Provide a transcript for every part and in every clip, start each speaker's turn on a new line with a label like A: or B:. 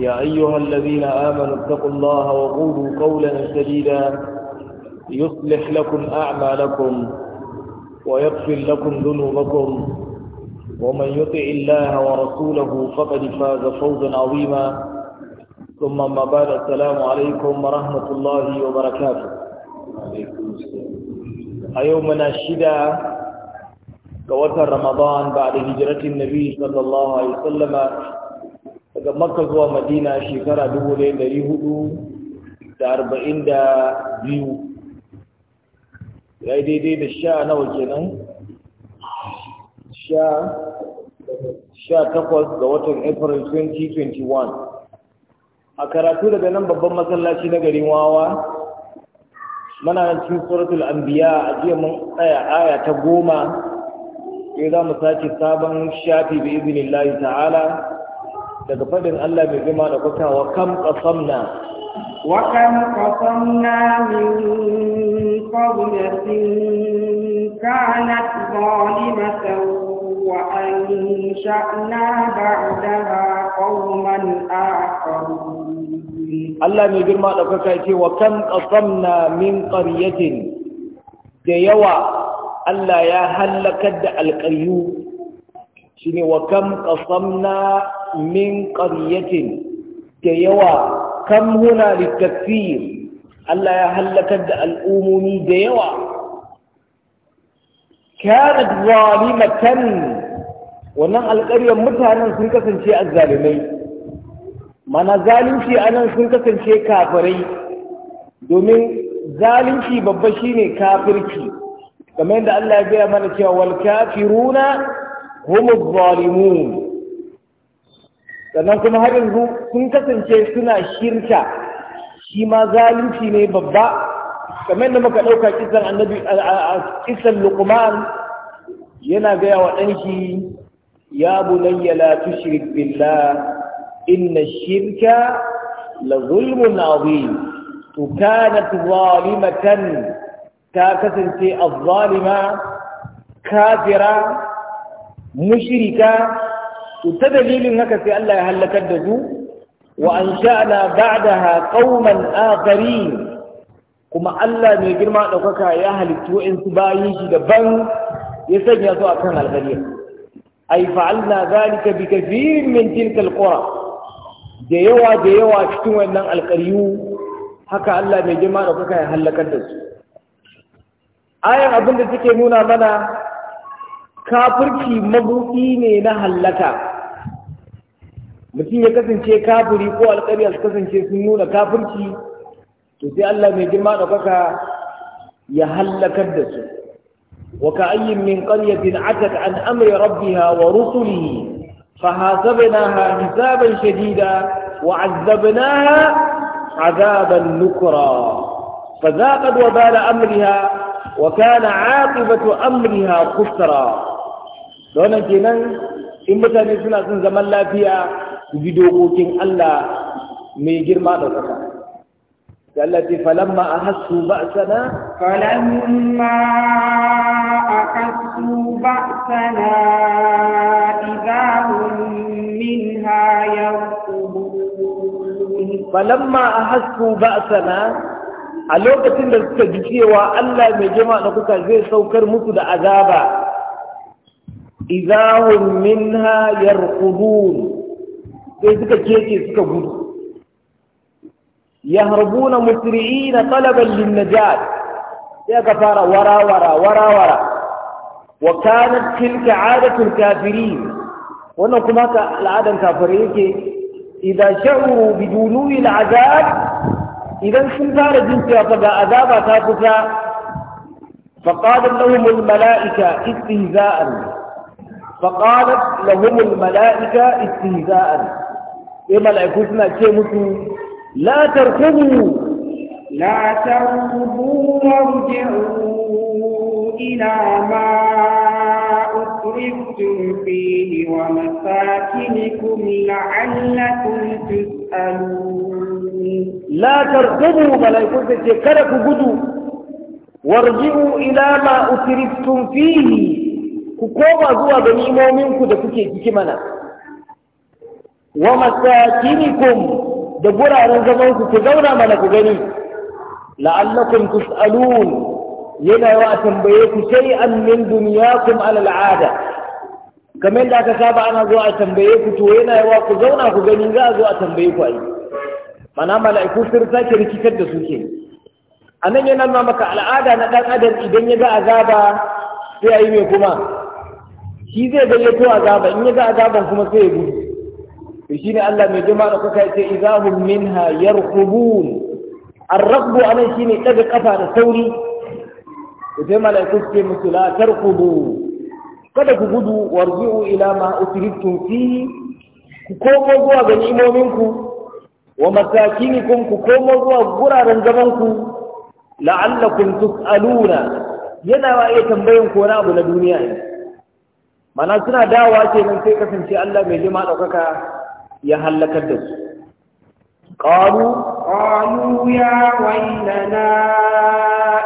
A: يا أيها الذين آمنوا اتقوا الله وقولوا قولا سديدا يصلح لكم أعمالكم ويغفر لكم ذنوبكم ومن يطع الله ورسوله فقد فاز فوزا عظيما ثم ما بعد السلام عليكم ورحمة الله وبركاته أيوم ناشدا كوتر رمضان بعد هجرة النبي صلى الله عليه وسلم daga makka zuwa madina shekara dubu ɗaya ɗari hudu da arba'in da biyu ya yi daidai da sha nawa kenan sha takwas ga watan april 2021 a karatu daga nan babban masallaci na garin wawa mana nan cikin suratul anbiya a jiya mun tsaya aya ta goma sai za mu sace sabon shafi bi izinin ta'ala daga fadin Allah mai girma da kuka wa kam qasamna wa kam
B: qasamna min qaryatin kanat zalimatan wa ansha'na ba'daha qauman akharin
A: Allah mai girma da kuka ce wa kam qasamna min qaryatin da yawa Allah ya halakar da alƙaryu shine wa kam qasamna min qaryatin da yawa kan huna litakfir Allah ya halakar da al'umomi da yawa kanat zalimatan wannan alƙaryar mutanen sun kasance azzalimai mana zalunci a nan sun kasance kafirai domin zalunci babba shine kafirci kamar yadda Allah ya gaya mana cewa wal kafiruna humuz zalimun sannan kuma har yanzu sun kasance suna shirka shi ma zalunci ne babba kamar da muka ɗauka kisan annabi a kisan luqman yana gaya wa ɗanshi ya bunayya la tushrik billah inna shirka la zulmun azim to kanat zalimatan ta kasance azzalima kafira mushrika to ta dalilin haka sai Allah ya halakar da su wa ansha'na ba'daha qauman akharin kuma Allah mai girma ɗaukaka ya halittu wa'insu bayin shi daban ya sanya su akan alƙarya ai fa'alna zalika bi kathirin min tilka alqura da yawa da yawa cikin wannan alƙaryu haka Allah mai girma ɗaukaka ya halakar da su ayan abin da take nuna mana kafirci mabuɗi ne na hallaka mutum ya kasance kafiri ko alƙarya su kasance sun nuna kafirci to sai Allah mai girma ɗaukaka ya hallakar da su wa ka'ayyin min qaryatin atat an amri rabbiha wa rusulihi fahasabainaha hisaban shadida wa azzabnaha azaban nukra fazaqat wabala amriha wa kana aqibatu amriha khusra don kenan in mutane suna son zaman lafiya bi dokokin Allah mai girma da kasa Yallati falamma a hasu ba sana? Falamma a
B: hasu ba sana, min
A: izahun Falamma a hasu ba sana, a lokacin da suka ji cewa Allah mai jama da kuka zai saukar musu da azaba, izahun minha yarkudun. sai suka keke suka gudu ya yahrabuna musri'ina talaban linnajat sai aka fara warawara warawara wa kanat tilka adatul kafirin wannan kuma ka al'adan kafare yake idan sha'u bidunul azab idan sun fara jin cewa ga azaba ta kusa فقالت لهم الملائكة استهزاء فقالت لهم الملائكة استهزاء sai mala'iku suna ce musu la tarkubu la
B: tarkubu warji'u ila ma usriftum fihi wa masakinikum la'allakum tus'alun la tarkubu
A: mala'iku ce kada ku gudu warji'u ila ma usriftum fihi ku koma zuwa ga nimominku da kuke ciki mana wa masakinikum da guraren zaman ku ku zauna mana ku gani la'allakum tus'alun yana yawa a tambaye ku shay'an min dunyakum alal ada kamar da aka saba ana zuwa a tambaye ku to yana yawa ku zauna ku gani za a zo a tambaye ku ai mana mala'iku sun sake rikitar da suke. A anan yana nuna maka al'ada na dan adam idan ya ga azaba sai ayi mai kuma shi zai gayyato azaba in ya ga azaban kuma sai ya gudu to shi ne Allah mai jama'a da kuka ce izahum minha yarqubun arrabu anan shine daga kafa da sauri to sai malaiku ce musu la tarqubu kada ku gudu warji'u ila ma usriftum fihi ku komo zuwa ga ku wa masakinikum ku komo zuwa guraren zamanku la'allakum tus'aluna yana wa iya tambayan ko na abu na duniya ne mana suna dawa ce nan sai kasance Allah mai jima ɗaukaka ya halakar da su
B: Ƙaru, ƙaru ya waylana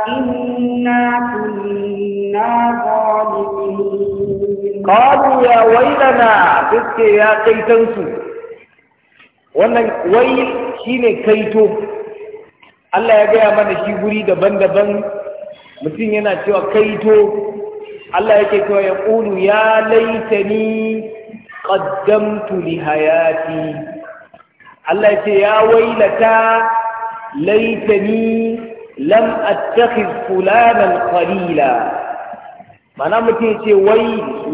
B: inna kunna zalimin Ƙaru ya wainana, suke ya kaitansu.
A: wannan wai shi ne kaito Allah ya gaya mana shi guri daban-daban mutum yana cewa kaito Allah yake cewa ya ƙunu ya laitani qaddamtu li hayati Allah ya ce ya wailata laitani lam attakhiz fulanan qalila mana mutum ce wai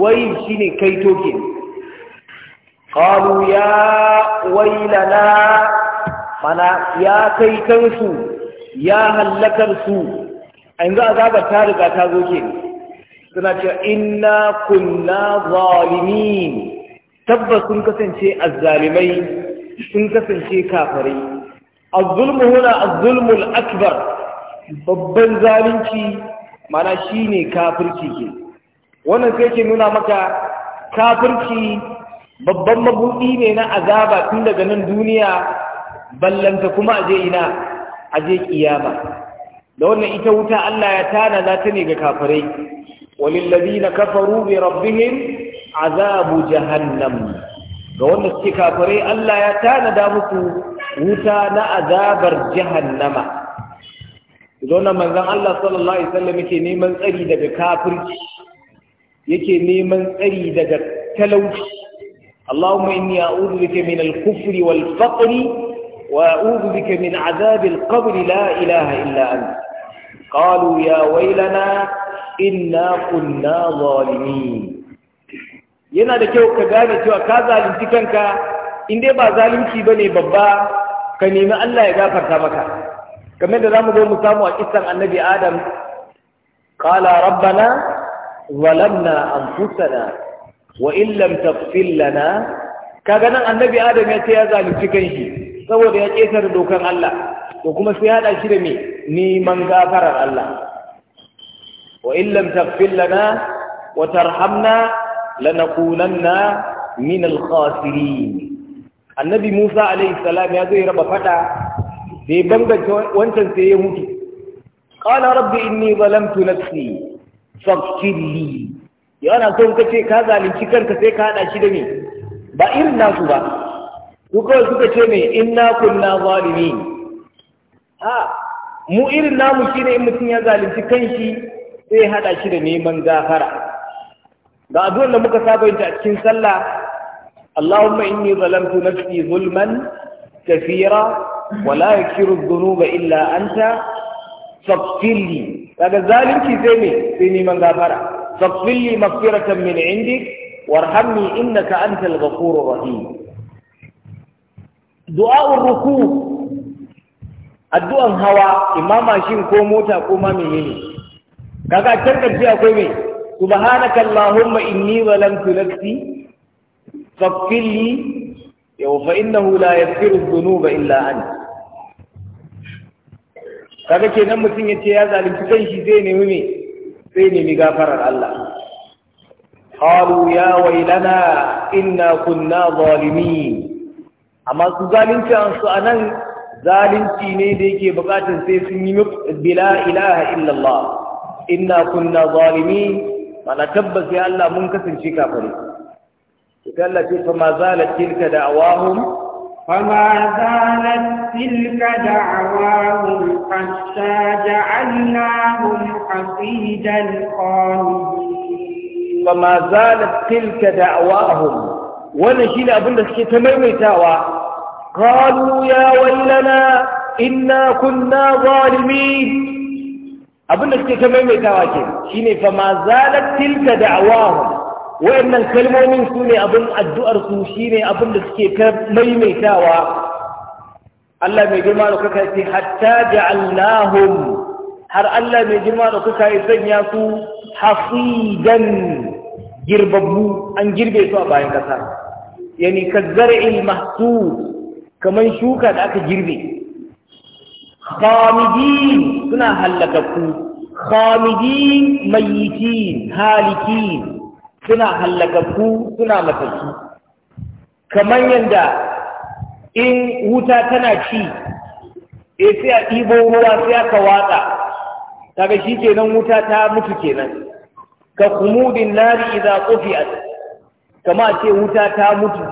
A: wai shine kai token. qalu ya wailana mana ya kai kansu ya hallakar su a yanzu azabar ta riga ta zo ke suna cewa inna kunna zalimin tabbas sun kasance azzalimai sun kasance kafirai azzulmu huna azzulmul akbar babban zalunci mana shine kafirci ke wannan sai ke nuna maka kafirci babban mabudi ne na azaba tun daga nan duniya ballanta kuma aje ina aje kiyama da wannan ita wuta Allah ya tana za ta ne ga kafirai walil ladina kafaru bi rabbihim azabu jahannam ga wanda suke kafirai Allah ya tanada musu wuta na azabar jahannama idan manzon Allah sallallahu alaihi wasallam yake neman tsari daga kafirci yake neman tsari daga talauci Allahumma inni a'udhu bika min al-kufri wal faqri وأعوذ min من عذاب القبر لا إله إلا أنت قالوا يا ويلنا إنا كنا ظالمين yana da kyau ka gane cewa ka zalunci kanka in dai ba zalunci ba ne babba ka nemi Allah ya gafarta maka kamar da za mu zo mu samu a kisan annabi adam qala rabbana zalamna anfusana wa in lam taghfir lana kaga nan annabi adam ya ce ya zalunci kanshi saboda ya ƙetare dokan Allah to kuma sai hada shi da me neman gafarar Allah wa in lam taghfir lana wa tarhamna lanakunanna min al-khasirin annabi Musa alayhi salam ya zai raba fada Bai bangance wancan sai ya mutu qala rabbi inni zalamtu nafsi faghfir li yana son kace ka zalunci kanka sai ka hada shi da me ba irin nasu ba su kawai suka ce me inna kunna zalimin ha mu irin namu shine in mutum ya zalunci kanshi sai hada shi da neman gafara ga addu'ar da muka saba ita a cikin sallah Allahumma inni zalamtu nafsi zulman kathira wala la yakiru dhunuba illa anta faghfirli kaga zalunci sai ne sai neman gafara faghfirli maghfiratan min indik warhamni innaka antal ghafurur rahim du'a'ur ruku addu'an hawa imama shin ko mota ko ma menene kaga can akwai me سبحانك اللهم إني ظلمت نفسي فاغفر لي فإنه لا يغفر الذنوب إلا أنت kaga kenan mutum ya ce ya zalunci kanshi, shi zai nemi me zai nemi gafarar Allah qalu ya wailana inna kunna zalimin amma su zalunci an su anan zalunci ne da yake bukatar sai sun yi bila ilaha illallah inna kunna zalimin wala tabbas ya Allah mun kasance kafare sai Allah ce fa ma zalat tilka da'awahum
C: fa ma zalat
B: tilka da'awahum hatta ja'alnahum hasidan qanidin
A: fa ma zalat tilka da'awahum wannan shine abin da suke ta maimaitawa قالوا يا ويلنا إنا كنا ظالمين abin da suke ta maimaitawa ke shine fa ma zalat tilka da'awahum wayannan kalmomin su ne abin addu'ar su shine abin da suke ta maimaitawa Allah mai girma da kuka ce hatta ja'alnahum har Allah mai girma da kuka yi sanya su hasidan girbabbu an girbe su a bayan kasa yani kazar'il mahsud kaman shuka da aka girbe khamidin suna hallakakku mai mayyitin halikin suna hallakakku suna matattu kamar yadda in wuta tana ci e sai a ɗibo ruwa sai aka watsa kaga shi kenan wuta ta mutu kenan ka kumudin nari idza qufiyat kama ce wuta ta mutu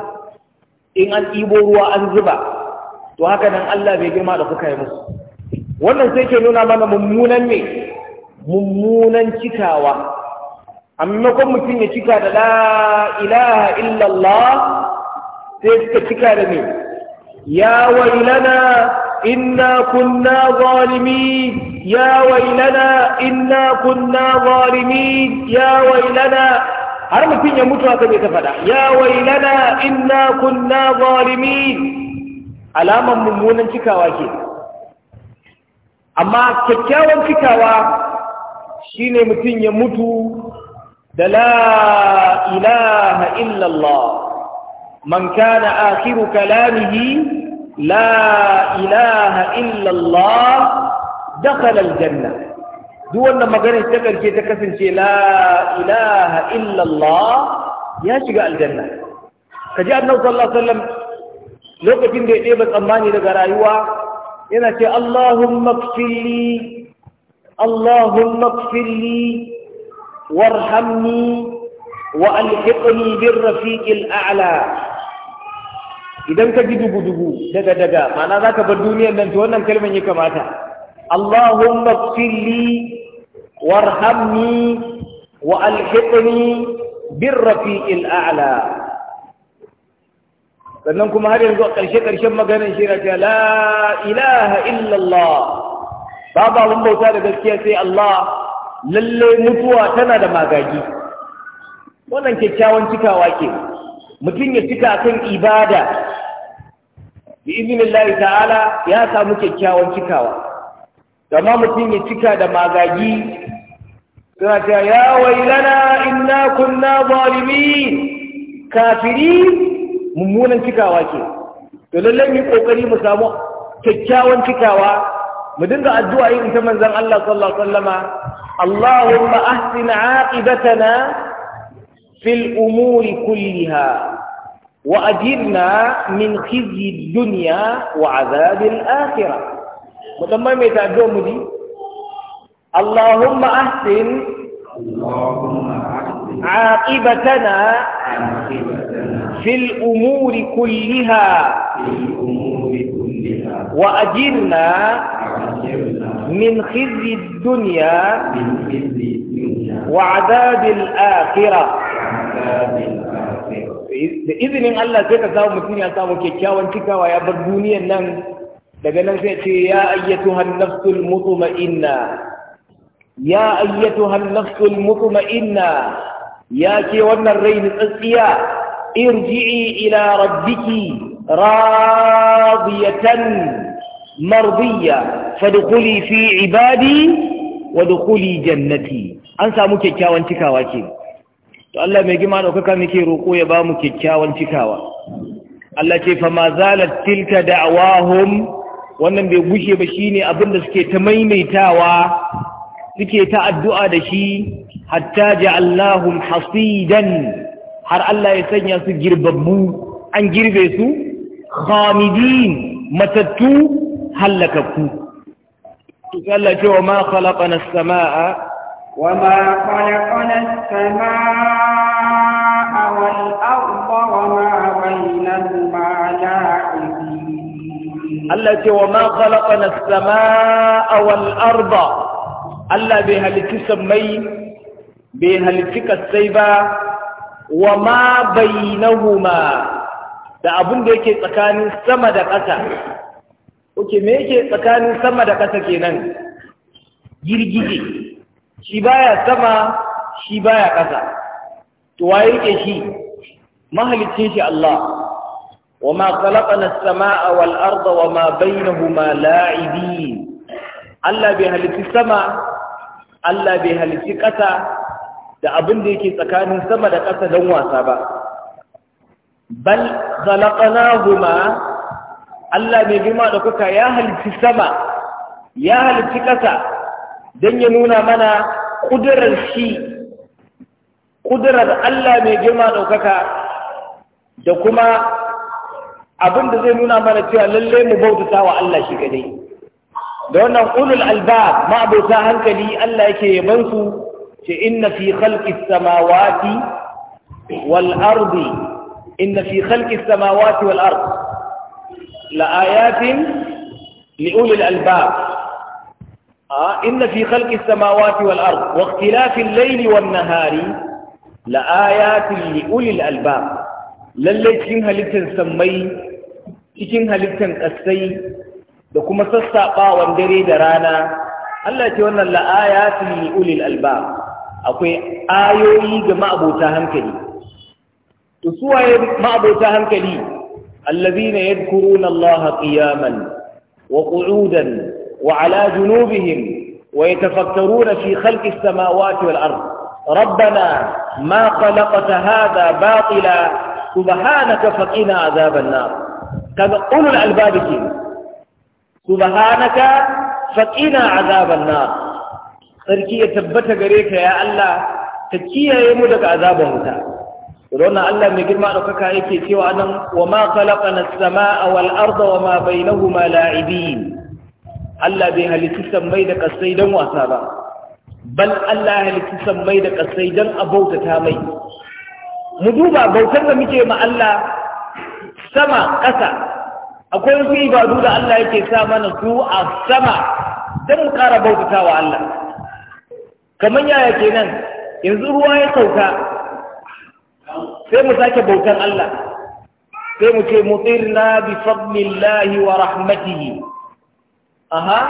A: in an ɗibo ruwa an zuba to haka nan Allah bai girma da kuka yi musu wannan sai ke nuna mana mummunan ne mummunan cikawa a maimakon mutum ya cika da la ilaha illallah sai suka cika da ne ya wailana inna kunna zalimi ya wailana inna kunna zalimi ya wailana har mutum ya mutu haka bai ta faɗa ya wailana inna kunna zalimi alaman mummunan cikawa ke amma kyakkyawan cikawa shine mutum ya mutu da la ilaha illallah man kana akhiru kalamihi la ilaha illallah dakhala aljanna duk wannan maganar ta karshe ta kasance la ilaha illallah ya shiga aljanna kaji annabi sallallahu alaihi wasallam lokacin da ya ɗeba tsammani daga rayuwa yana ce Allahumma kfirli Allahumma warhamni wa a'la idan ka ji dugu-dugu daga-daga mana za ka bar duniyar nan ta wannan kalmar ya kamata Allahumma filli warhamni wa alhiqni bin rafiqil a'la sannan kuma har yanzu a ƙarshe-ƙarshen maganin shi na ce la ilaha illallah babu abin bauta da gaskiya sai Allah lalle mutuwa tana da magagi wannan kyakkyawan cikawa ke mutum ya cika kan ibada bi iznillahi ta'ala ya samu kyakkyawan cikawa amma mutum ya cika da magagi suna ce ya wailana inna kunna zalimin kafirin mummunan cikawa ke to lallai mu kokari mu samu kyakkyawan cikawa mu dinga addu'a irin ta manzon Allah sallallahu alaihi wasallama Allahumma ahsin aqibatana fil umuri kulliha wa ajirna min khizyi dunya wa azabil akhirah mu dan mai ta addu'a mu di Allahumma ahsin Allahumma ahsin aqibatana في الأمور كلها وأجرنا من خزي الدنيا وعذاب الآخرة بإذن الله سيكا ساوم الدنيا ساوم كيكاوان كيكا ويا بربوني النم لقد نسيت يا أيتها النفس المطمئنة يا أيتها النفس المطمئنة يا كيوان الرين الأسياء irji'i ila rabbiki radiyatan mardiya fadkhuli fi ibadi wa jannati an samu kyakkyawan cikawa ke to Allah mai gima da kuka muke roko ya bamu kyakkyawan cikawa Allah ce fa ma zalat tilka da'awahum wannan bai gushe ba shine abin da suke ta maimaitawa suke ta addu'a da shi hatta ja'allahum hasidan har Allah ya sanya su girbabbu an girbe su khamidin matattu hallakakku Allah ce wa ma khalaqana as-samaa wa ma
B: khalaqana as-samaa wal arda wa ma bainahuma
C: la'ibin Allah ce wa ma khalaqana as-samaa
A: wal arda Allah bai halitta sammai bai halitta kai ba wa ma bainahuma da abin da yake tsakanin sama da ƙasa oke me yake tsakanin sama da ƙasa kenan girgije shi baya sama shi baya ƙasa to waye yake shi mahalicce shi Allah wa ma khalaqana as-samaa wal arda wa ma bainahuma la'ibin Allah bai halitti sama Allah bai halitti ƙasa da abin da yake tsakanin sama da ƙasa don wasa ba bal khalaqnahuma Allah mai girma da kuka ya halici sama ya halici ƙasa don ya nuna mana ƙudurar shi ƙudurar Allah mai girma ɗaukaka da kuma abin da zai nuna mana cewa lallai mu bautata wa Allah shi kadai da wannan ulul alba ma'abota hankali Allah yake yabansu چې ان فی خلق السماوات والارض ان فی خلق السماوات والارض لآيات لأولي الألباب آه، إن في خلق السماوات والأرض واختلاف الليل والنهار لآيات لأولي الألباب للي تشنها لبتن سمي تشنها لبتن قسي لكم سستعقا واندري درانا ألا تيونا لآيات لأولي الألباب akwai ayoyi ga ma'abota hankali to suwaye ma'abota hankali allazina yadhkuruna allaha qiyaman wa qu'udan wa ala junubihim wa yatafakkaruna fi khalqis samawati wal ard rabbana ma khalaqta hadha batila subhanaka faqina adhaban nar kaga ulul albabiki subhanaka faqina adhaban nar sarki ya tabbata gare ka ya Allah ta kiyaye mu daga azabar wuta wannan Allah mai girma da kaka yake cewa nan wa ma khalaqana as-samaa wal arda wa ma bainahuma la'ibin Allah bai halitta sammai da kasai dan wasa ba bal Allah halitta sammai da kasai dan abautata mai mu duba bautar da muke ma Allah
C: sama ƙasa akwai wasu ibadu da Allah yake sa
A: mana su a sama dan mu ƙara bautatawa Allah
C: kamar yaya kenan yanzu ruwa ya sauka sai mu sake bautan Allah sai mu ce mutirna
A: bi fadlillahi wa rahmatihi aha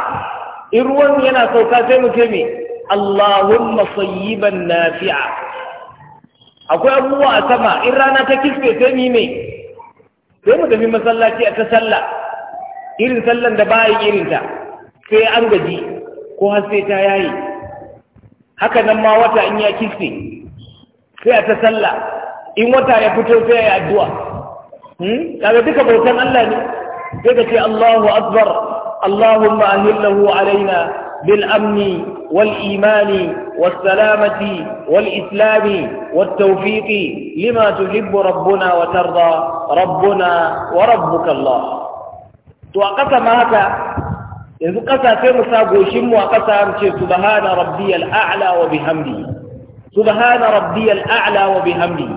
A: in ruwan yana sauka sai mu ce me Allahumma sayyiban nafi'a akwai abubuwa a sama in rana ta kiske sai mu me sai mu tafi masallaci a ta sallah irin sallan da ba yi irinta sai an gaji ko har sai ta yayi haka nan ma wata in ya kiske sai a ta sallah in wata ya fito sai ya addu'a hmm kaga duka bautan Allah ne sai ka ce Allahu akbar Allahumma ahillahu alaina bil amni wal imani wal wal islami wat tawfiqi lima tuhibbu rabbuna watarra, tarda rabbuna wa rabbuka Allah to a kasa haka yanzu ƙasa sai mu sa mu a ƙasa mu ce subhana rabbiyal a'la wa bihamdi subhana rabbiyal a'la wa bihamdi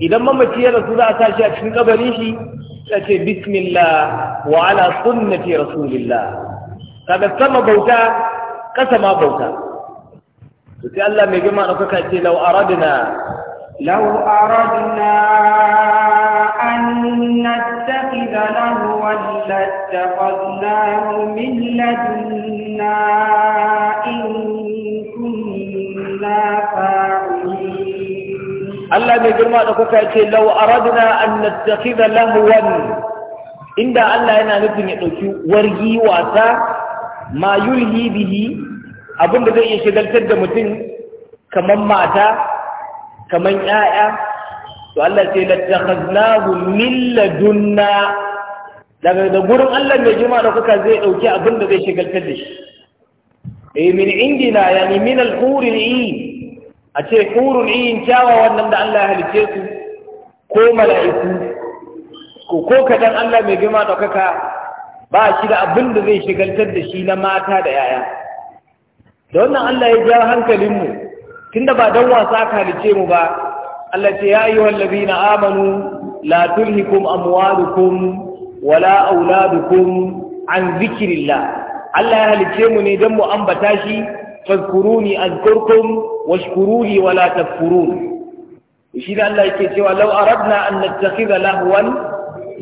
A: idan mamaci ya rasu za a sa shi a cikin kabari shi ta ce bismillah wa ala sunnati rasulillah kaga sama bauta
C: ƙasa ma bauta
A: to sai Allah mai gama ɗaukaka ce law aradna law
B: aradna نتخذ لهوا لاتخذناه من لدنا إن كنا فاعلين
A: الله بجرما لكوكا يقول لو أردنا أن نتخذ لهوا إن الله ينا نبن يقول ورقي واسا ما يلهي به abin da zai iya shigaltar da mutum kamar mata kamar 'ya'ya to Allah ce latakhaznahu min ladunna daga da gurin Allah mai jima da kuka zai dauki abin da zai shigaltar da shi eh min indina yani min al-hurul a ce hurul ayn kyawa wannan da Allah ya halice su ko mala'iku ko ko kadan Allah mai jima da kuka ba shi da abin da zai shigaltar da shi na mata da yaya da wannan Allah ya ja hankalinmu tunda ba dan wasa ka halice mu ba Allah ce ya wallafi na amanu la tulhikum amwalukum wala auladukum an zikrillah Allah ya halice mu ne dan mu ambata shi fadkuruni azkurkum washkuruni wala takfurun shi da Allah yake cewa law aradna an nattakhidha lahwan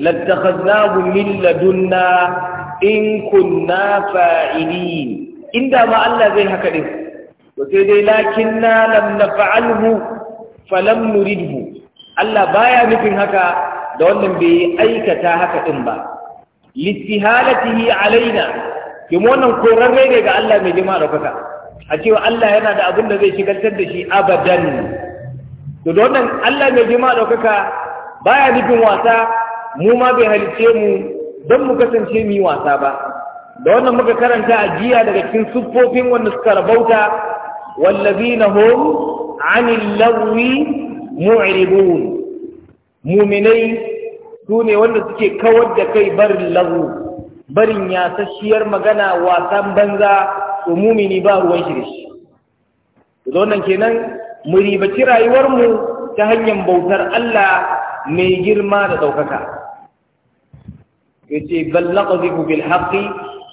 A: lattakhadnahu min ladunna in kunna fa'ilin inda ma Allah zai haka din to sai dai lakinna lam naf'alhu falam nuridhu Allah baya nufin haka da wannan bai aikata haka din ba litihalatihi alaina
C: kuma wannan korarre
A: ne ga Allah mai jima ɗaukaka a cewa Allah yana da abin da zai shigaltar da shi abadan to da wannan Allah mai jima daukaka baya nufin wasa mu ma bai halice mu don mu kasance mu yi wasa ba da wannan muka karanta a jiya daga cikin siffofin wanda suka rabauta wallazina hum anil lawi mu'ribun muminai su ne wanda suke kawar da kai barin lagu barin yasasshiyar magana wasan banza to mumini ba ruwan shi da shi da wannan kenan mu ribaci rayuwarmu ta hanyar bautar Allah mai girma da ɗaukaka yace ballaqu bil haqqi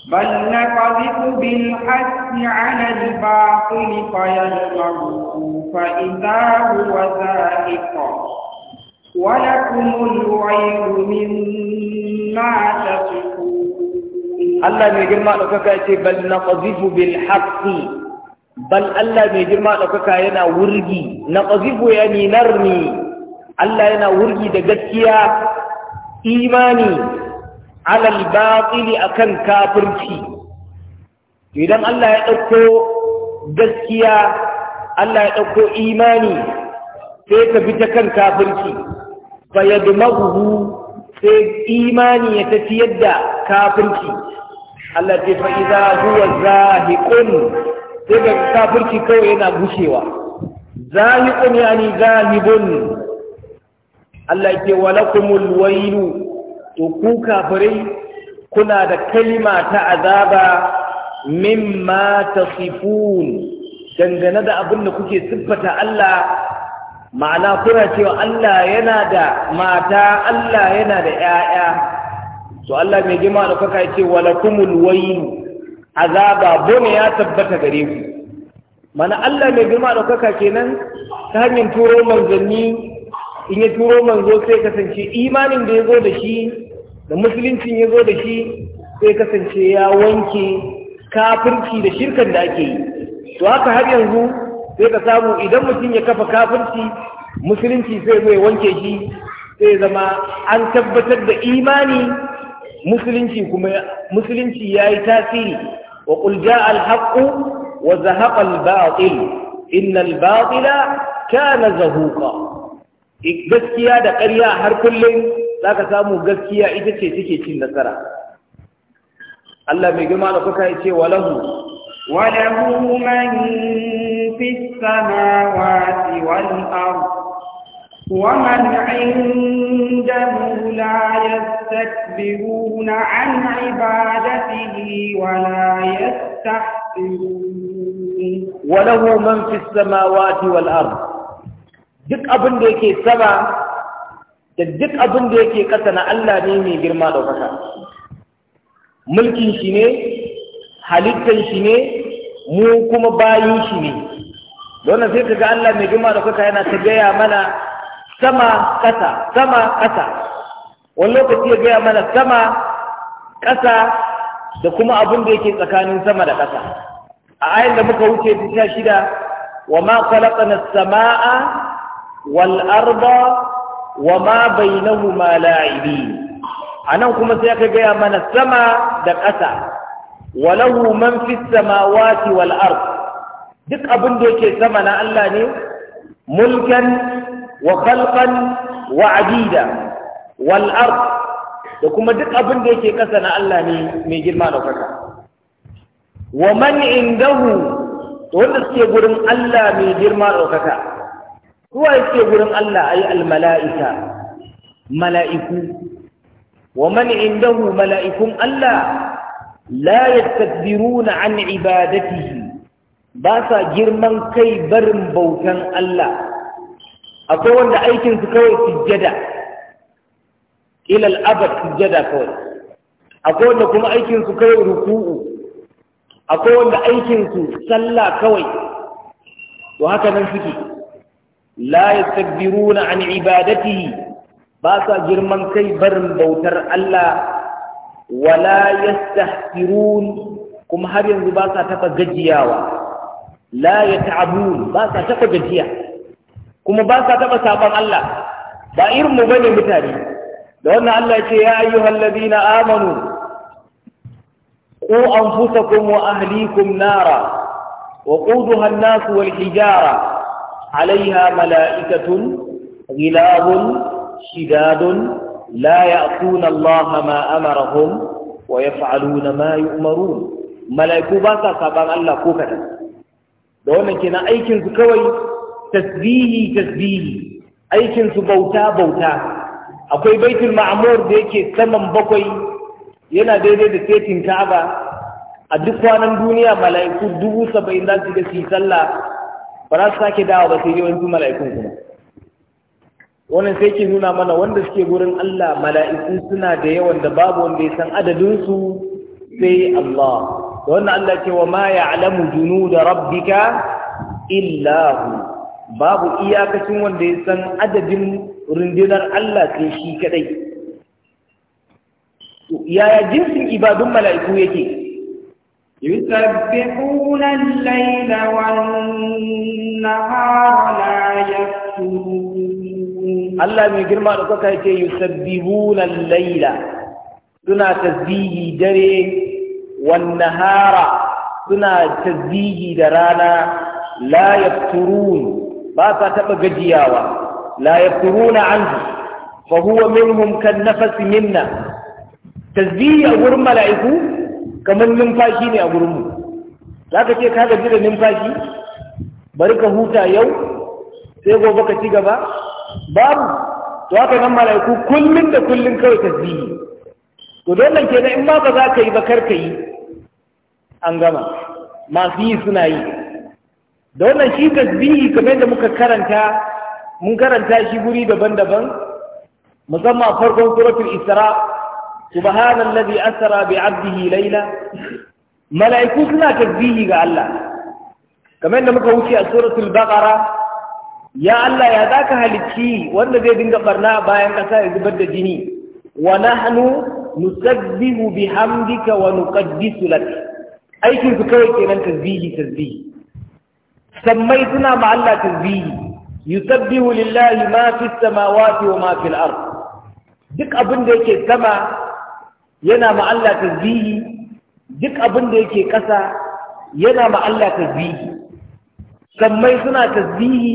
C: بل نقذف بالحث
B: على الباطل فيلغمه فإذا هو
A: ذائق ولكم
B: الويل مما تصفون
A: الله من جرماء لكك بل نقذف بالحق بل الله من جرماء لكك ينا ورقي نقذف يعني نرمي الله ينا ورقي دقتيا إيماني alal batili akan kafirci idan Allah ya ɗauko gaskiya Allah ya ɗauko imani sai ka bi ta kan kafirci fa yadmaghu sai imani ya tafi yadda kafirci Allah ce fa idza huwa sai ga kafirci kawai yana gushewa zahiqun yani zahibun Allah ke walakumul wailu to ku kafirai kuna da kalima ta azaba mimma tasifun dangane da abin da kuke siffata Allah ma'ana kuna cewa Allah yana da mata Allah yana da 'ya'ya to Allah mai girma da kuka ce walakumul wayl azaba bone ya tabbata gare ku mana Allah mai girma da kuka kenan ta hanyar turo manzanni in ya turo manzo sai kasance imanin da ya zo da shi da musuluncin ya zo da shi sai kasance ya wanke kafirci da shirkan da ake
C: yi
A: to haka har yanzu sai ka samu idan mutum ya kafa kafirci musulunci sai zai wanke shi sai zama an tabbatar da imani musulunci kuma musulunci ya yi tasiri wa qul jaa wa zahaqa al-batil inna al kana zahuqa gaskiya da ƙarya har kullum za ka samu gaskiya ita ce take cin nasara Allah mai girma da kuka yace walahu
B: walahu man fis samawati wal ard wa man indahu la
C: yastakbiruna
B: an ibadatihi wa la
A: yastahsirun walahu man fis samawati wal ard duk abin da yake sama da duk abin da yake ƙasa na Allah ne mai girma ɗaukaka mulkin shi ne halittar shi ne mu kuma bayin shi ne wannan sai kaga Allah mai girma da ɗaukaka yana ta gaya mana sama ƙasa sama ƙasa wani lokaci ya gaya mana sama ƙasa da kuma abin da yake tsakanin sama da ƙasa a ayin da muka wuce ta shida wa ma khalaqna as-samaa wal arda wa ma bainahuma la'ibi anan kuma sai aka gaya mana sama da ƙasa walahu man fis samawati wal ard duk abin da yake sama na Allah ne mulkan wa khalqan wa adida wal ard da kuma duk abin da yake ƙasa na Allah ne mai girma da kaka wa man indahu to wanda suke gurin Allah mai girma da kaka ruwa yake gurin Allah ay al mala'ika mala'iku wa man indahu mala'ikun Allah la yastakbiruna an ibadatihi ba sa girman kai barin bautan Allah akwai wanda aikin su kawai sujjada ila al-abad sujjada kawai akwai wanda kuma aikinsu kawai ruku'u akwai wanda aikinsu sallah kawai to haka nan suke la yastakbiruna an ibadatihi ba sa girman kai barin bautar Allah wala yastahsirun kuma har yanzu ba sa taɓa gajiyawa la yata'abun ba sa taɓa gajiya kuma ba sa taɓa saban Allah ba irin mu bane mutane da Allah ce ya ayyuhal ladina amanu qu anfusakum wa ahlikum nara wa wal hijara عليها ملائكة غلاب شداد لا يعصون الله ما أمرهم ويفعلون ما يؤمرون ملائكة باسا سابان الله كوكتا دون كنا أيكن كوي تسبيه تسبيه أيكن بوتا بوتا akwai baitul ma'amur da yake saman bakwai yana daidai da setin ka'aba a duk kwanan duniya mala'iku dubu saba'in za su ga su yi sallah ba za su sake dawo ba sai dai wani mala'ikun kuma wannan sai ke nuna mana wanda suke gurin Allah mala'iku suna da yawan da babu wanda ya san adadin sai Allah da wannan Allah ce wa ma ya'lamu junuda rabbika illa hu babu iyakacin wanda ya san adadin rundunar Allah sai shi kadai yaya jinsin ibadun mala'iku yake يسبحون
B: الليل والنهار لا
A: يفترون الله من جرما لكوكا يسبحون الليل سنة تسبيه دري والنهار سنة تسبيه درانا لا يفترون باسا تبقى جياوة لا يفترون عنه فهو منهم كالنفس منا تسبيه غرم ملائكه kamar numfashi ne a gurinmu za ka ce ka gaji da numfashi bari ka huta yau sai gobe ka ci gaba babu to haka nan mala'iku kullum da kullum kawai tasbihi to don nan kenan in ba ka za ka yi ba kar ka yi an gama masu yi suna yi da wannan shi tasbihi kamar da muka karanta mun karanta shi guri daban-daban musamman farkon suratul isra سبحان الذي أسرى بعبده ليلة ملائكتنا كذبه يا الله كما أنما كوشي سورة البقرة يا الله يا ذاك هل هالكي والنبي دينك فرناء باين قساء إذبت جني ونحن نسبه بحمدك ونقدس لك أي شيء ذكرك أن تذبيه تذبيه سميتنا مع الله تذبيه يسبه لله ما في السماوات وما في الأرض ذك أبن ذيك السماء yana ma Allah zihi duk abin da yake ƙasa yana ma Allah tasbihi sammai suna ta zihi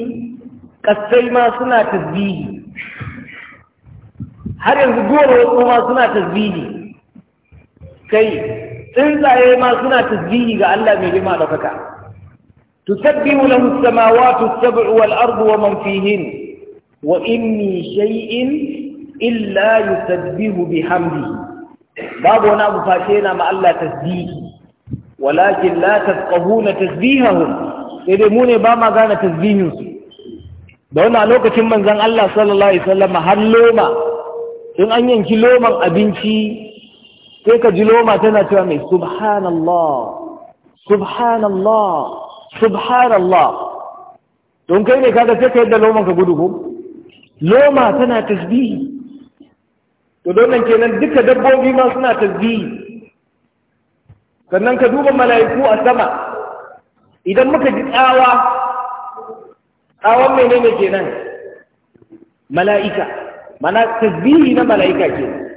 A: ƙasai ma suna ta zihi har yanzu goro ma suna ta zihi kai tsuntsaye ma suna ta zihi ga Allah mai rima da faka تسبح له السماوات السبع والأرض ومن فيهن وإن من شيء إلا يسبح بحمده babu wani abu face yana ma Allah tasbihi walakin la tafqahuna tasbihahum sai dai mu ne ba ma gane tasbihin su da wannan lokacin manzon Allah sallallahu alaihi wasallam har loma in an yanki loman abinci sai ka ji loma tana cewa mai subhanallah subhanallah subhanallah don kai ne kaga sai ka yadda loman ka gudu ko loma tana tasbihi to don nan kenan duka dabbobi ma suna tasbihi sannan ka duba mala'iku a sama idan muka ji tsawa
C: tsawon menene kenan
A: mala'ika mana tasbihi na mala'ika kenan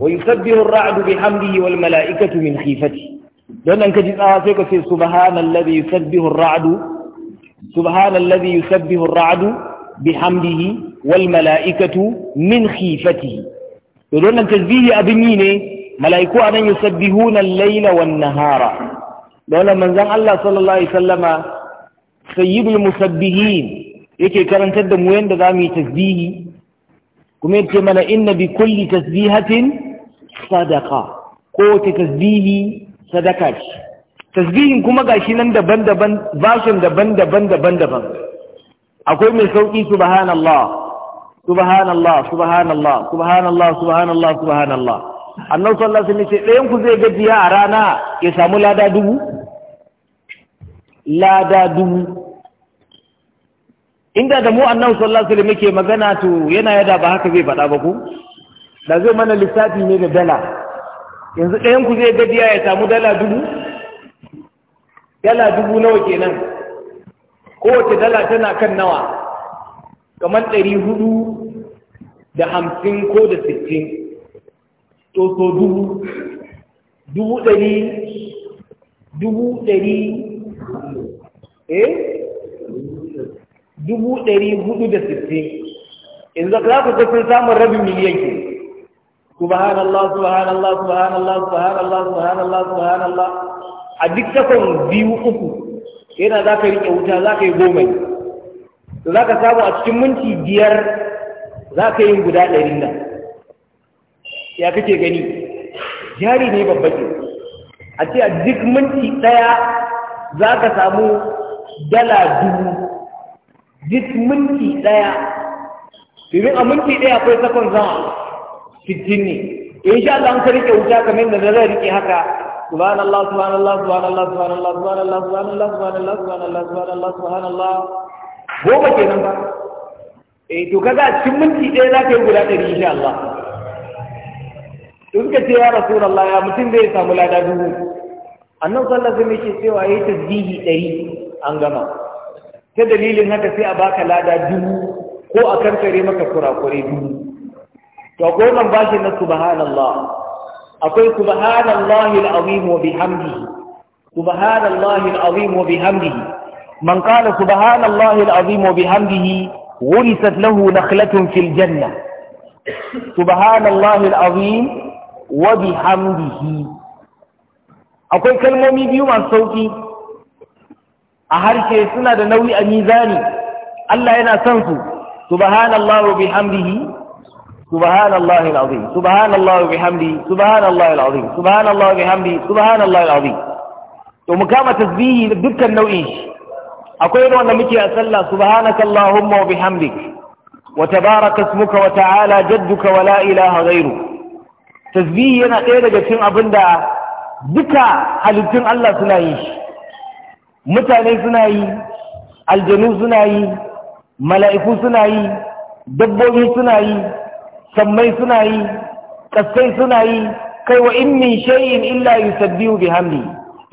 A: ويسبح الرعد بحمده والملائكة من خيفته لأن أنك جزء آسيك في سبحان الذي يسبح الرعد سبحان الذي يسبح الرعد hamdihi, wal mala'ikatu min khifatihi to don nan tasbihi abin yi ne mala'iku anan yusabbihuna al-laila wan nahara dole manzon Allah sallallahu alaihi wasallama sayyidul musabbihin yake karantar da mu yanda zamu yi tasbihi kuma yace mana inna bi kulli tasbihatin sadaqa ko ta tasbihi sadaka ce tasbihin kuma gashi nan daban-daban bashin daban-daban daban-daban akwai mai sauki subhanallah subhanallah subhanallah subhanallah subhanallah subhanallah annabi sallallahu alaihi wasallam ce ɗayan ku zai gajiya a rana ya samu lada dubu lada dubu inda da mu annabi sallallahu alaihi wasallam yake magana to yana yada ba haka zai faɗa ba ku da zai mana lissafi ne da dala yanzu ɗayan ku zai gajiya ya samu dala dubu dala dubu nawa kenan kowace dala tana kan nawa kamar ɗari hudu da hamsin ko da sittin to so dubu dubu ɗari dubu ɗari eh dubu ɗari hudu da sittin in za ka ku sun samun rabin miliyan ke subhanallah subhanallah subhanallah subhanallah subhanallah subhanallah a duk takwan biyu uku yana za ka riƙe wuta za ka yi goma ne za ka samu a cikin minti biyar za ka yi guda ɗari nan ya kake gani jari ne babba ke a ce a duk minti ɗaya za ka samu dala dubu duk
C: minti ɗaya
A: domin a minti ɗaya akwai sakon zama fitin ne in sha Allah an ka riƙe wuta kamar da zai riƙe haka subhanallah subhanallah subhanallah subhanallah subhanallah subhanallah subhanallah subhanallah subhanallah subhanallah goma kenan ba eh to kaga cikin minti ɗaya za ka yi guda ɗari insha Allah in ka ce ya rasulullah ya mutum zai samu lada dubu annan sallar zai yake cewa ya yi tasbihi ɗari an gama ta dalilin haka sai a baka lada dubu ko a kankare maka kurakure dubu to akwai bashi na subhanallah akwai subhanallahi alazim wa bihamdihi subhanallahi alazim wa bihamdihi man qala subhanallahi alazim wa bihamdihi wurisat lahu nakhlatun fil janna subhanallahi alazim wa bihamdihi akwai kalmomi biyu masu sauki a harshe suna da nauyi a mizani Allah yana son su subhanallahi wa bihamdihi سبحان الله العظيم سبحان الله وبحمده سبحان الله العظيم سبحان الله وبحمده سبحان الله العظيم to mu kama tasbihi dukkan nau'in shi akwai irin wanda muke a sallah subhanaka allahumma wa bihamdik wa tabaraka ismuka wa ta'ala jadduka wa la ilaha ghairu tasbihi yana ɗaya daga cikin abin da duka halittun Allah suna yi shi mutane suna yi aljanu suna yi mala'iku suna yi dabbobi suna yi sammai suna yi kaskai suna yi kai wa in min shay'in illa yusabbihu bihamdi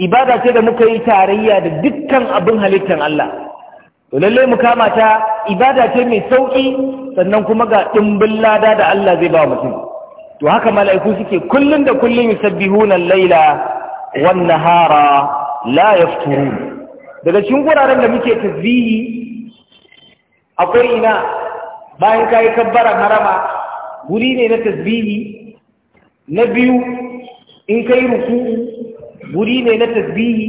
A: ibada ce da muka yi tarayya da dukkan abin halittar Allah to lalle mu kama ta ibada ce mai sauki sannan kuma ga dimbin lada da Allah zai ba mutum to haka mala'iku suke kullun da kullun yusabbihuna al-laila wan nahara la yafturun daga cikin guraren da muke tasbihi akwai ina bayan kai kabbara harama guri ne na tasbihi na biyu in kai ruku'u guri ne na tasbihi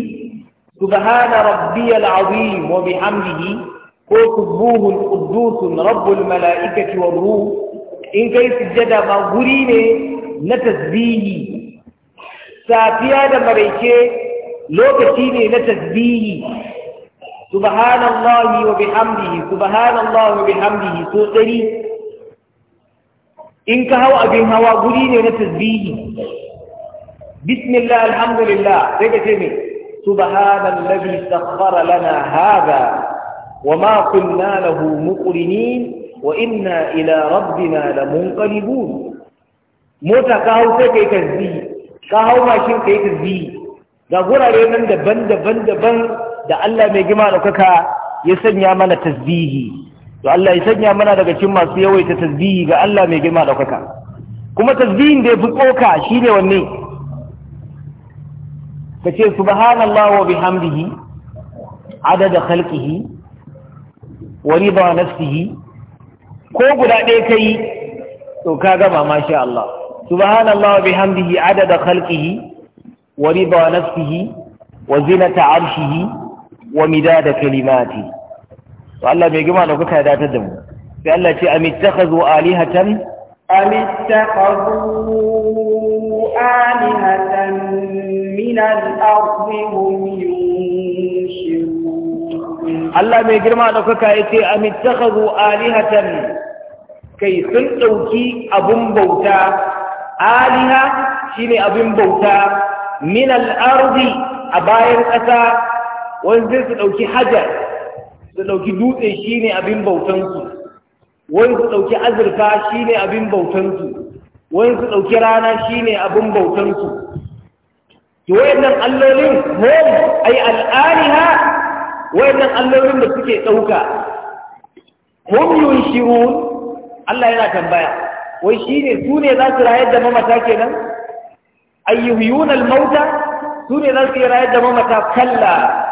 A: subhana rabbiyal azim wa bihamdihi ko subuhun quddusun rabbul mala'ikati war ruh in kai sujjada ma guri ne na tasbihi safiya da maraice lokaci ne na tasbihi subhanallahi wa bihamdihi subhanallahi wa bihamdihi so dari in ka hau abin hawa guri ne na tasbihi bismillah alhamdulillah sai ka ce me subhanallazi sakhkhara lana hada wa ma kunna lahu muqrinin wa inna ila rabbina lamunqalibun mota ka hau sai kai tasbihi ka hau mashin kai tasbihi ga gurare nan daban-daban daban da Allah mai gima da kaka ya sanya mana tasbihi to Allah ya sanya mana daga cikin masu yawaita tasbihi ga Allah mai girma da kuka kuma tasbihin da yafi tsoka shine wanne ka ce subhanallahi wa bihamdihi adada khalqihi wa rida nafsihi ko guda ɗaya kai to ka gama masha Allah subhanallahi wa bihamdihi adada khalqihi wa rida nafsihi wa zinata arshihi wa midada kalimatihi to Allah mai gima da kuka ya datar da mu sai Allah ce amittakhadhu alihatan
B: amittakhadhu alihatan min al-ardi hum
A: yunshirun Allah mai girma da kuka yace amittakhadhu alihatan kai sun dauki abun bauta aliha shine abin bauta min al-ardi a bayan ƙasa wanda su dauki hajar su ɗauki dutse shi ne abin bautansu wani su ɗauki azurfa shi ne abin bautansu wani su ɗauki rana shi ne abin bautansu to wayannan allolin hom ai al'aliha wayannan allolin da suke ɗauka hom yun shiru Allah yana tambaya wai shi ne su ne za su rayar da mamata kenan ayyuhiyun al-mauta su ne za su rayar da mamata kalla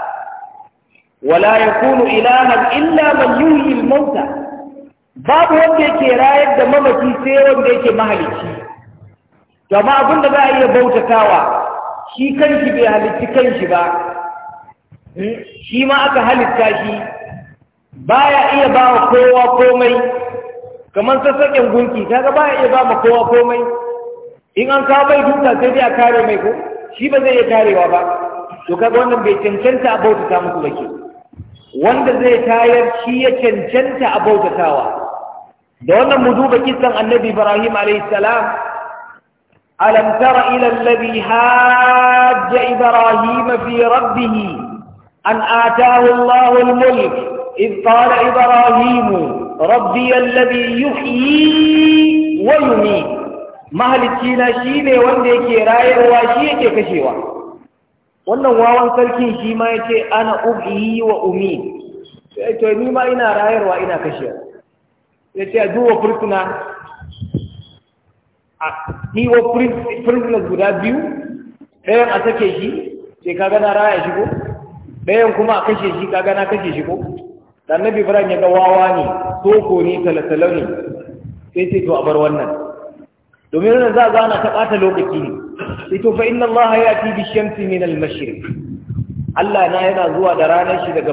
A: wala yakunu ilahan illa man yuhyi al-mauta
C: babu wanda yake rayar da mamaci
A: sai wanda yake mahalicci. to amma abin da za a iya bautatawa shi kanshi bai halicci kanshi ba shi ma aka halitta shi baya iya ba wa kowa komai kamar sassaƙen gunki ta kaga baya iya ba ma kowa komai in an kawo mai duka sai dai a kare mai ko shi ba zai iya karewa ba to kaga wannan bai cancanta a bautata musu ba ke wanda zai tayar shi ya cancanta a bautatawa da wannan mu duba kisan annabi ibrahim alaihissalam alam tara ila alladhi hajja ibrahim fi rabbih an ataahu allah almulk id qala ibrahim rabbi alladhi yuhyi wa yumiit mahalicci shine wanda yake rayarwa shi yake kashewa wannan wawan sarkin shi ma ya ce ana ubi wa umi to ni ma ina rayarwa ina kashe ya ce a duwa fursuna a diwa fursuna guda biyu ɗayan a sake shi ce ka gana raya shi ko ɗayan kuma a kashe shi ka gana kashe shi ko nabi ibrahim ya ga wawa ne soko ne talatalau ne sai ce to a bar wannan domin wannan za a zo ana ta ɓata lokaci ne ito fa inna Allah yati bi shamsi min al mashriq Allah na yana zuwa da ranar shi daga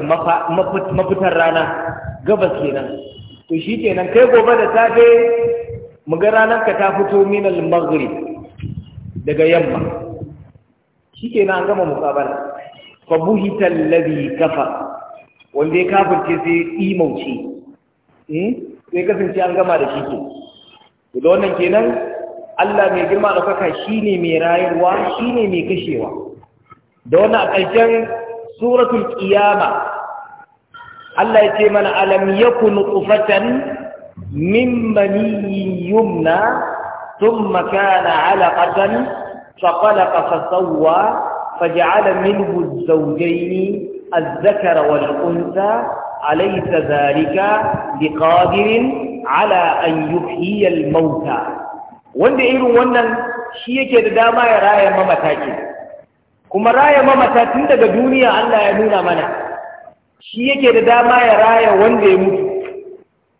A: mafitar rana gabas kenan to shi kenan kai gobe da safe mu ga ranar ka ta fito min al maghrib daga yamma shi kenan an gama muqabala fa buhita alladhi kafa wanda ya kafirce sai imauci eh hmm? sai kasance an gama da shi ke da wannan kenan Allah mai girma da kaka shine mai rayuwa shine mai kashewa da wannan a ƙarshen suratul qiyama Allah ya ce mana alam yakun qufatan min maniyin yumna thumma kana alaqatan faqalaqa fasawwa faj'ala minhu az-zawjayn الذكر والأنثى أليس ذلك بقادر على أن يحيي الموتى wanda irin wannan shi yake da dama ya raya mamata ke kuma raya mamata tun daga duniya Allah ya nuna mana shi yake da dama ya raya wanda ya mutu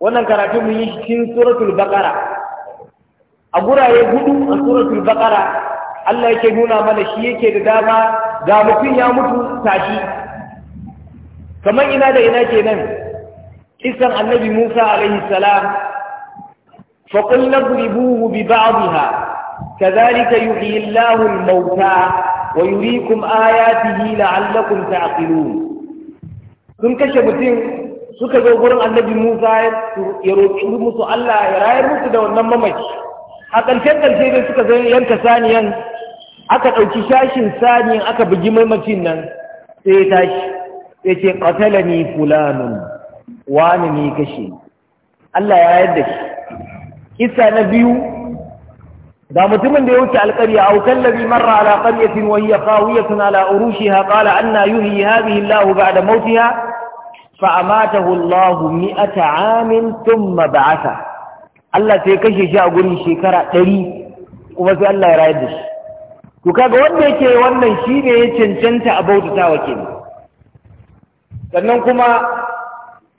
A: wannan karatu mun yi cikin suratul baqara a guraye hudu a suratul baqara
C: Allah yake nuna mana shi yake da dama ga mutum ya mutu tashi
A: kamar ina da ina kenan kisan annabi Musa alaihi salam فقلنا اضربوه ببعضها كذلك يحيي الله الموتى ويريكم آياته لعلكم تعقلون sun kashe mutum suka zo gurin annabi Musa ya roƙi musu Allah ya rayar musu da wannan mamaci a ƙarshen ƙarshe dai suka zo yanka saniyan aka ɗauki shashin saniyan aka bugi mamacin nan sai ya tashi ya ce ƙatalani fulanun wani ne kashe Allah ya yarda shi kisa na biyu da mutumin da ya wuce alƙarya au kallabi marra ala qaryatin wa hiya qawiyatun ala urushiha qala anna yuhyi hadhihi Allah ba'da mautiha fa amatahu Allah mi'ata amin thumma ba'atha Allah sai kashe shi a gurin shekara ɗari kuma sai Allah ya rayar da shi to kaga wanda yake wannan shine ya cancanta a bautatawa kenan sannan kuma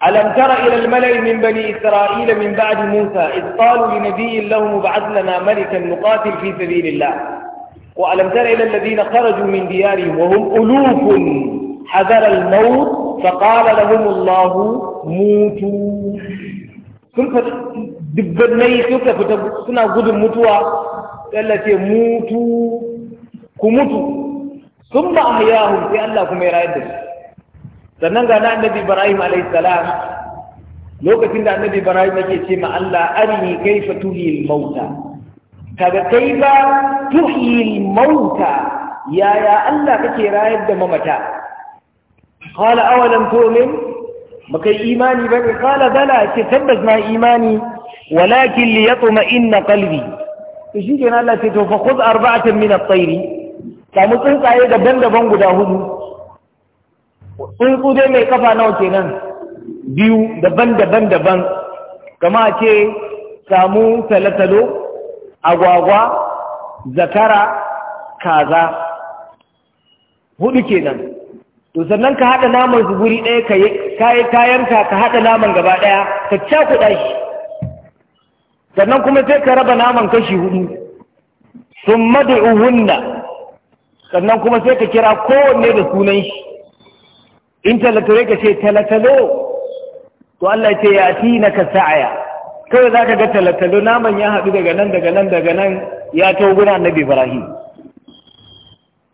A: ألم تر إلى الملأ من بني إسرائيل من بعد موسى إذ قالوا لنبي لهم ابعث لنا ملكا نقاتل في سبيل الله وألم تر إلى الذين خرجوا من ديارهم وهم
C: ألوف
A: حذر الموت فقال لهم الله موتوا كنت دبني كنت سنة قد متوى قال موتوا كموتوا ثم أحياهم في الله كما يرى sannan ga na annabi ibrahim alayhi salam lokacin da annabi ibrahim yake ce ma Allah arini kaifa tuhil mauta kaga kai ba tuhil mauta yaya Allah kake rayar da mamata qala awalam tu'min baka imani ba qala bala ce tabbas na imani walakin liyatma inna qalbi to shikenan Allah ce to fa khudh arba'atan min at-tayr samu tsuntsaye daban-daban guda hudu tsuntsu dai mai kafa nawa kenan biyu daban-daban daban kama a ce samu talotalo agwagwa zakara kaza hudu kenan to sannan ka haɗa naman su guri ɗaya ka yi kayanka ka haɗa naman gaba ɗaya ka cakuɗa shi sannan kuma sai ka raba naman kashi hudu sun madu'uhunna sannan kuma sai ka kira kowanne da sunan shi in talatare ka ce talatalo to Allah ce ya ti na ka sa'aya kawai za ka ga talatalo naman ya haɗu daga nan daga nan daga nan ya ta guna na ibrahim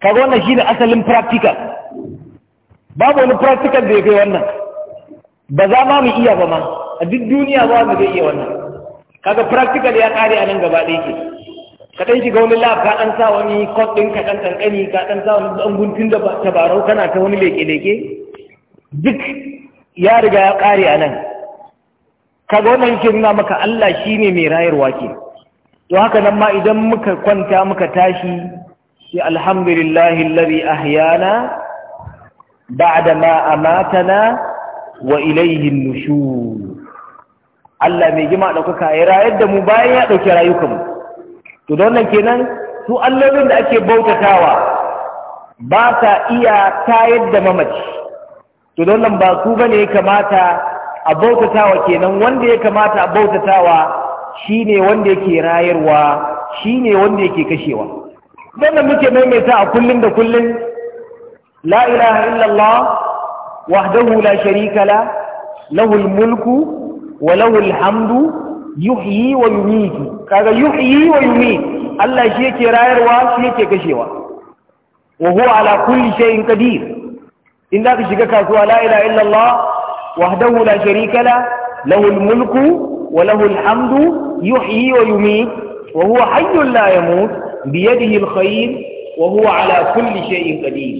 A: kaga wannan shi ne asalin practical babu wani practical da ya kai wannan ba za ma mu iya ba ma a duk duniya ba mu zai iya wannan kaga practical ya kare a nan gaba ɗaya ke ka ɗan shiga wani lab ka ɗan sa wani kwaɗin ka ɗan ƙanƙani ka ɗan sa wani ɗan guntun da tabarau kana ta wani leƙe-leƙe duk ya riga ya ƙare a nan kaga wannan yake nuna maka Allah shi ne mai rayarwa ke to haka nan ma idan muka kwanta muka tashi sai alhamdulillahi alladhi ahyana ba'da ma amatana wa ilayhi nushur Allah mai jima ɗaukaka ya rayar da mu bayan ya ɗauki rayukanmu to don nan kenan su allolin da ake bautatawa ba ta iya tayar da mamaci to dole ba ku bane ya kamata a bautatawa kenan wanda ya kamata a bautatawa shine wanda yake rayarwa shine wanda yake kashewa wannan muke maimaita a kullum da kullum la ilaha illallah wahdahu la sharika la lahul mulku wa lahul hamdu yuhyi wa yumiitu kaga yuhyi wa yumiit Allah shi yake rayarwa shi yake kashewa wa huwa ala kulli shay'in qadir in za ka shiga kasuwa la ilaha illallah wahdahu la sharika la lahul mulku wa lahul hamdu yuhyi wa yumiit wa huwa hayyun la yamut bi yadihi alkhayr wa huwa ala kulli shay'in qadir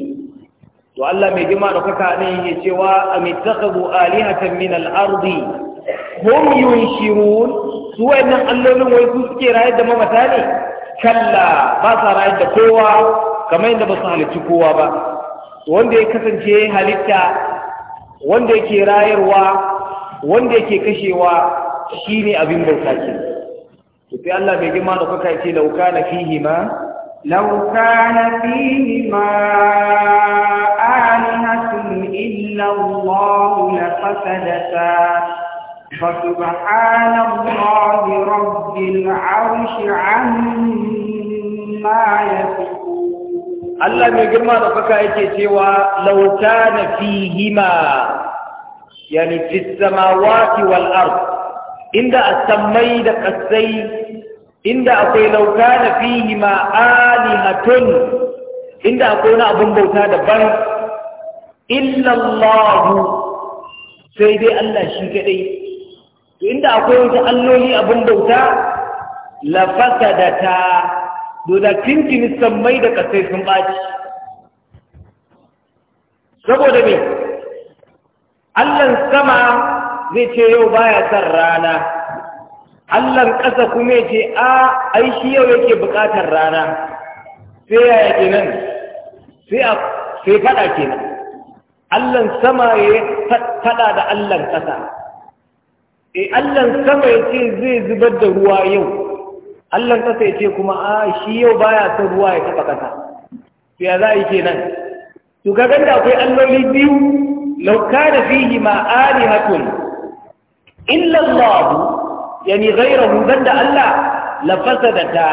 A: to Allah mai jima da kaka ne yake cewa amittakhadhu alihatan min al-ardi hum yunshirun su wayannan allolin wai su suke rayar da mamata ne kalla ba sa rayar da kowa kamar yadda ba su halicci kowa ba wanda ya kasance halitta wanda yake rayarwa wanda yake kashewa shine abin bauta ce to sai Allah bai girma da kuka ce law kana fihi
C: ma law
B: kana fihi ma alihatun illa Allah la fasadata فسبحان الله رب العرش عما يصفون Allah mai girma da faka yake cewa lauta na
A: fihima yani fi samawati wal ard inda asammai da kasai inda akwai lauta na fihima alihatun inda akwai na abin bauta daban illa Allah sai dai Allah shi kadai inda akwai wata alloli abin bauta la fasadata doda san mai da kasai sun baci saboda me allan sama zai ce yau baya son rana allan ƙasa kuma ya ce a ai shi yau yake buƙatar rana sai yaya kenan sai a sai faɗa kenan allan sama ya faɗa da allan ƙasa e eh, allan sama ya ce zai zubar da ruwa yau Allah ƙasa ya ce kuma a shi yau baya son ruwa ya taɓa ƙasa to ya za a yi nan? to ka ganda akwai alloli biyu lauka da fihi ma alihatun illa Allah yani ghayrahu da Allah da ta.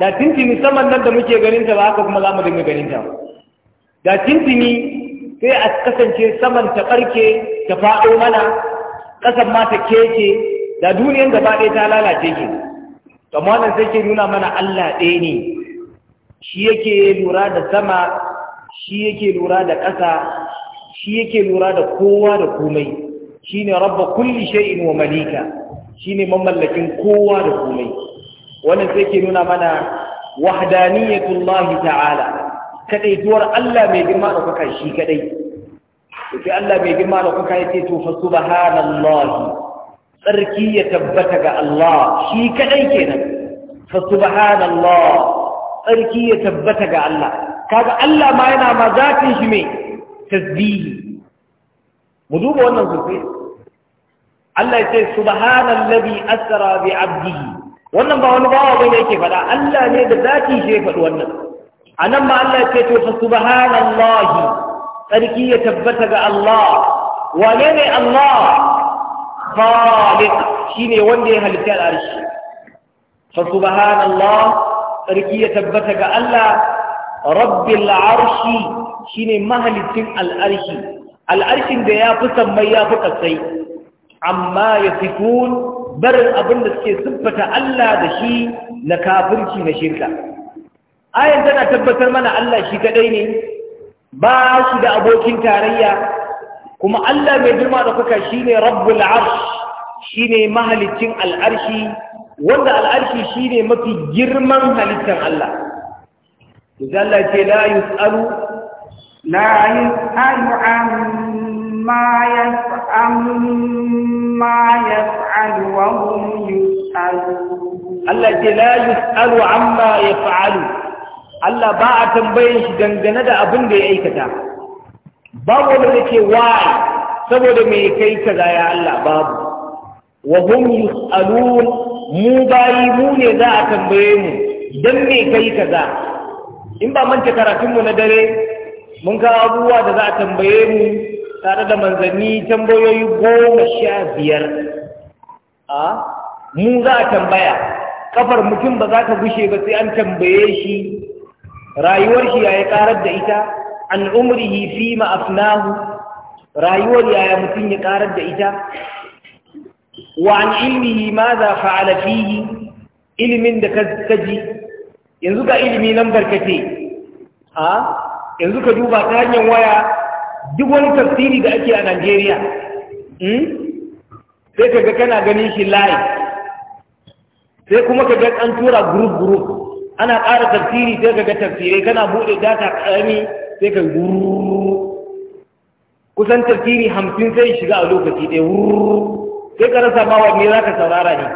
A: da tintini saman nan da muke ganin ta ba haka kuma za mu dinga ganin ta da tintini sai a kasance saman ta ɓarke ta faɗo mana ƙasan ma ta keke da duniyar gaba ɗaya ta lalace ke amma nan sai ke nuna mana Allah ɗaya ne shi yake lura da sama shi yake lura da ƙasa shi yake lura da kowa da komai shi ne rabba kulli sha'in wa malika shi ne mamallakin kowa da komai wannan sai ke nuna mana wahdaniyatullah ta'ala kadaituwar Allah mai girma da kuka shi kadai sai Allah mai girma da kuka yace to fa subhanallahi tsarki ya tabbata ga Allah shi kadai kenan fa subhanallah tsarki ya tabbata ga Allah kaga Allah ma yana ma zatin shi mai tasbihi mu duba wannan sosai Allah ya ce subhanallazi asra bi abdihi wannan ba wani bawa bane yake faɗa Allah ne da zatin shi ya faɗi wannan anan ma Allah ya ce to fa subhanallahi tsarki ya tabbata ga Allah wane ne Allah khaliq shine wanda ya halitta al'arshi fa subhanallah sarki ya tabbata ga Allah rabbil arshi shine mahalicin al'arshi al'arshin da ya fi sammai ya fi kasai amma ya fitun barin abin da suke siffata Allah da shi na kafirci na shirka ayan tana tabbatar mana Allah shi kadai ne ba shi da abokin tarayya kuma Allah mai girma da kuka shine rabbul arsh shine mahalicin al'arshi wanda al'arshi shine mafi girman halittar Allah yanzu Allah ce la yus'alu la yus'alu
B: amma yas'amma yaf'alu
A: wa hum yus'alu Allah ce la yus'alu amma yaf'alu Allah ba a tambayin shi dangane da abin da ya aikata babu wanda zai ce saboda me kai kaza ya Allah babu wa hum yusalun mu bayi mu ne za a tambaye mu dan me kai kaza in ba manta karatun mu na dare mun ga abubuwa da za a tambaye mu tare da manzanni tambayoyi goma sha biyar a mu za a tambaya kafar mutum ba za ta gushe ba sai an tambaye shi rayuwar shi yayi karar da ita an umrihi fi ma afnahu rayuwar yaya mutum ya karar da ita wa an ilmihi ma za fa'ala fihi ilimin da ka ji yanzu ka ilimi nan barkace ha yanzu ka duba ta hanyar waya duk wani tafsiri da ake a Najeriya hmm? sai ka ga kana ganin shi layi, sai kuma ka ga an tura group group ana ƙara tafsiri sai ka ga tafsirai kana buɗe data ƙarami sai kai wurru kusan tartiri hamsin sai shiga a lokaci ɗaya wurru sai ka rasa ma wa me za ka saurara ne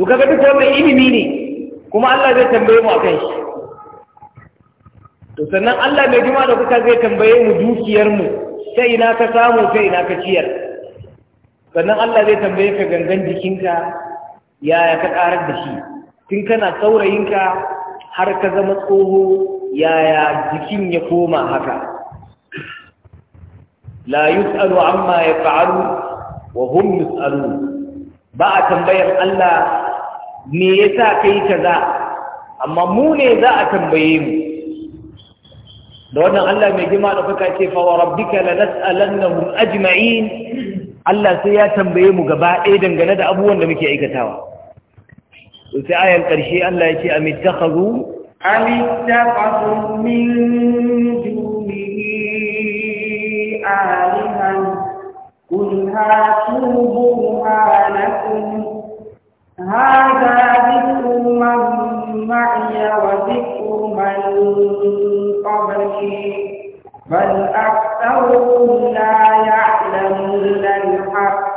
A: to kaga duk wanda ilimi ne kuma Allah zai tambaye mu akan shi to sannan Allah mai jima da kuka zai tambaye mu dukiyar mu sai ina ka samu sai ina ka ciyar sannan Allah zai tambaye ka gangan jikinka yaya ka karar da shi tun kana saurayinka har ka zama tsoho yaya jikin ya koma haka la yus'alu amma yaf'alu wa hum yus'alun ba a tambayar Allah me yasa kai kaza amma mu ne za a tambaye mu da wannan Allah mai girma da kuka ce fa wa rabbika lanas'alannahum ajma'in Allah sai ya tambaye mu gaba ɗaya dangane da abubuwan da muke aikatawa to sai ayan ƙarshe Allah ya ce amittakhadhu
C: أم اتخذوا
B: من دونه آلها قل هاتوا برهانكم هذا ذكر من معي وذكر من قبلي بل أكثرهم لا يعلمون الحق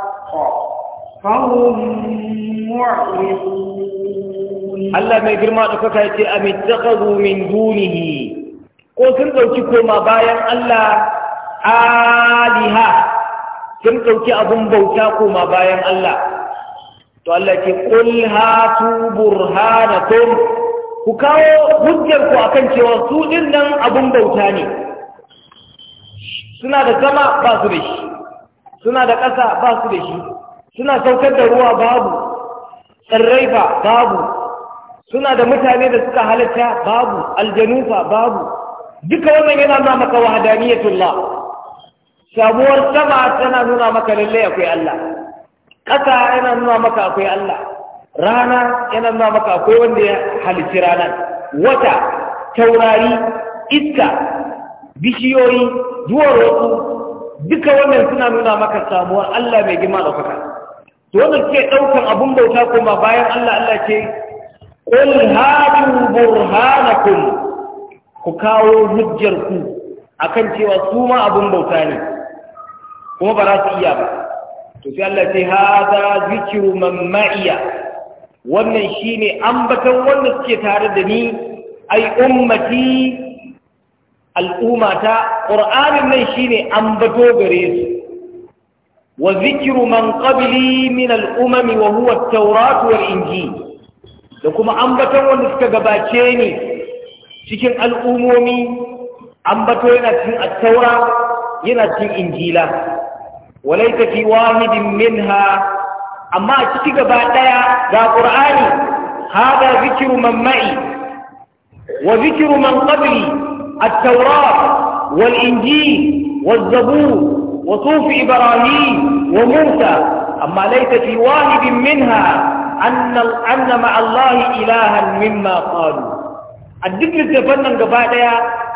B: فهم معرضون Allah mai girma da kuka yace amittakhadhu
A: min dunihi ko sun ɗauki koma bayan Allah aliha sun ɗauki abun bauta koma bayan Allah to Allah ke qul hatu burhanakum ku kawo hujjar ku akan cewa su din nan abun bauta ne suna da sama ba su da shi suna da ƙasa ba su da shi suna saukar da ruwa babu tsirrai ba babu suna da mutane da suka halatta babu aljanufa babu duka wannan yana nuna maka wahdaniyatullah samuwar sama tana nuna maka lalle akwai Allah ƙasa yana nuna maka akwai Allah rana yana nuna maka akwai wanda ya halici ranar wata taurari iska bishiyoyi duwarwatsu duka wannan suna nuna maka samuwar Allah mai girma kuka. to wannan ke ɗaukan abun bauta kuma bayan Allah Allah ce qul hadu burhanakum ku kawo hujjar ku akan cewa su ma abun bauta ne kuma ba za su iya ba to sai Allah sai hada zikru man ma'iya wannan shine ambaton wanda suke tare da ni ai ummati al'ummata qur'anin nan shine ambato gare su wa zikru man qabli min al'umami wa huwa at-taurat wal injil da kuma ambaton wanda suka gabace ni cikin al'umomi ambato yana cikin attaura yana cikin injila walaita fi wahidin minha amma a ciki gaba daya ga qur'ani hada zikru man ma'i wa zikru man qabli at taura wal wal injil zabur wa sufi ibrahim wa وموسى amma laita fi wahidin minha Annama allahi ilahan mimma faru مما قالوا الذكر تفنن gaba ɗaya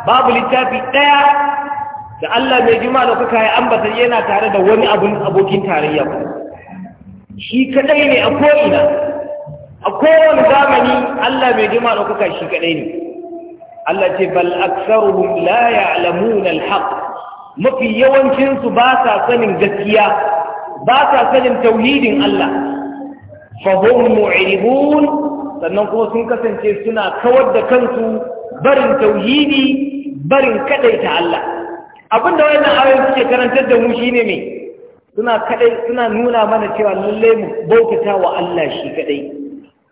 A: babu littafi ɗaya da Allah mai jima da kuka yi ambatar yana tare da wani abun abokin tarayya shi kaɗai ne a ko'ina a kowane zamani Allah mai jima da kuka shi kaɗai ne Allah ce bal aktsaruhum la ya'lamuna al-haq mafi yawancin su ba sa sanin gaskiya ba sa sanin tauhidin Allah fahim mu'ribun sannan kuma sun kasance suna kawar da kansu barin tauhidi barin kadaita Allah abinda wannan ayoyin suke karantar da mu shine me suna kadai suna nuna mana cewa lalle mu bautata wa Allah shi kadai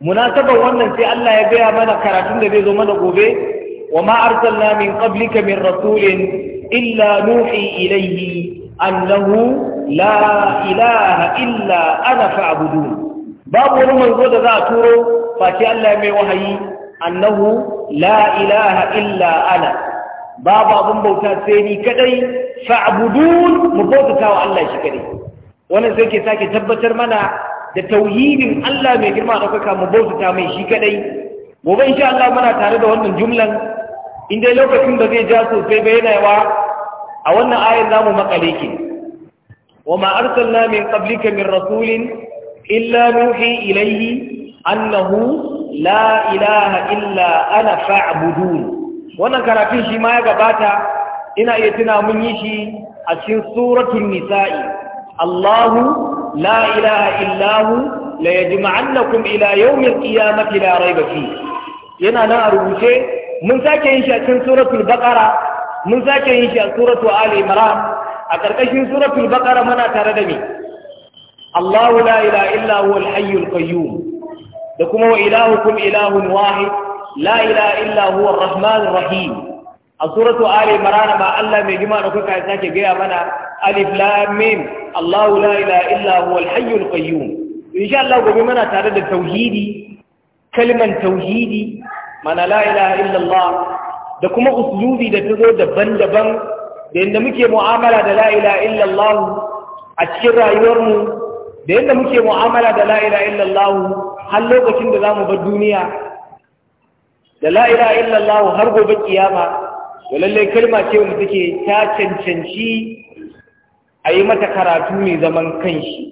A: munasabar wannan sai Allah ya gaya mana karatun da zai zo mana gobe wa ma arsalna min qablika min rasulin illa nuhi ilayhi annahu la ilaha illa ana fa'budun babu wani manzo da za a turo face Allah mai wahayi annahu la ilaha illa ana babu abun bauta sai ni kadai fa'budun mu bautata wa Allah shi kadai wannan sai ke sake tabbatar mana da tauhidin Allah mai girma da kuka mu bautata mai shi kadai gobe insha Allah muna tare da wannan jumlan Inda lokacin da zai ja sosai bai yana wa a wannan ayar zamu makale ki wa ma arsalna min qablika min rasulin illa nuhi ilaihi annahu la ilaha illa ana fa'budun wannan karatun shi ma ya gabata ina iya tuna mun yi shi a cikin suratul nisa'i Allahu la ilaha illahu la yajma'annakum ila yawmil qiyamati la rayba fi yana nan a rubuce mun sake yin shi a cikin suratul baqara mun sake yin shi a suratul ali imran a karkashin suratul baqara muna tare da me Allahu la ilaha illa huwa al da kuma wa ilahukum ilahun wahid la ilaha illa huwa ar-rahmanur a suratu ali imran ma Allah mai gima da kuka sake gaya mana alif lam mim la ilaha illa huwa al-hayyul qayyum insha Allah gobe muna tare da tauhidi kaliman tauhidi mana la ilaha illa da kuma uslubi da tazo daban-daban da yanda muke mu'amala da la ilaha a cikin rayuwarmu da yadda muke mu'amala da la'ira illallah har lokacin da za mu bar duniya da la'ira illallah har gobe kiyama to lallai kalma ce wanda take ta cancanci a yi mata karatu mai zaman kanshi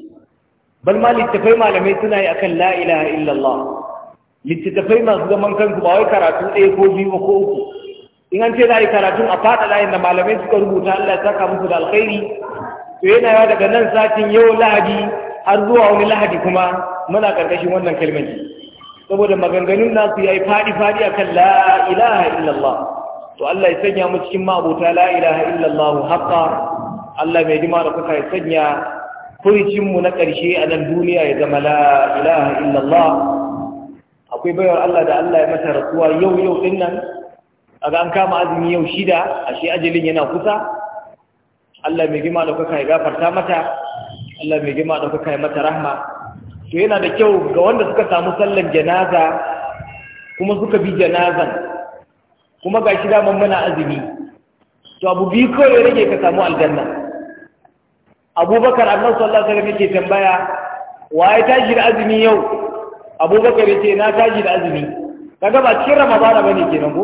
A: bal ma littafai malamai suna yi akan la'ira illallah littattafai masu zaman kansu ba wai karatu ɗaya ko biyu ko uku in an ce za a yi karatun a faɗa layin da malamai suka rubuta Allah ya saka musu da alkhairi to yana yawa daga nan satin yau lahadi har zuwa wani lahadi kuma muna karkashin wannan kalmaci saboda maganganun nasu yayi fadi fadi akan la ilaha illallah to Allah ya sanya mu cikin ma'abota la ilaha illallah haqqa Allah mai dima da kuka ya sanya furicin mu na karshe a nan duniya ya zama la ilaha illallah akwai bayar Allah da Allah ya mata rasuwa yau yau din nan aga an kama azumi yau shida ashe ajalin yana kusa Allah mai dima da kuka ya gafarta mata Allah mai girma da kuka yi mata rahma to yana da kyau ga wanda suka samu sallan janaza kuma suka bi janazan kuma ga shi daman muna azumi to abu biyu kawai rage ka samu aljanna abubakar annabi sallallahu alaihi wasallam yake tambaya wa ya tashi da azumi yau abubakar yace na tashi da azumi kaga ba cikin ramadana bane kenan ko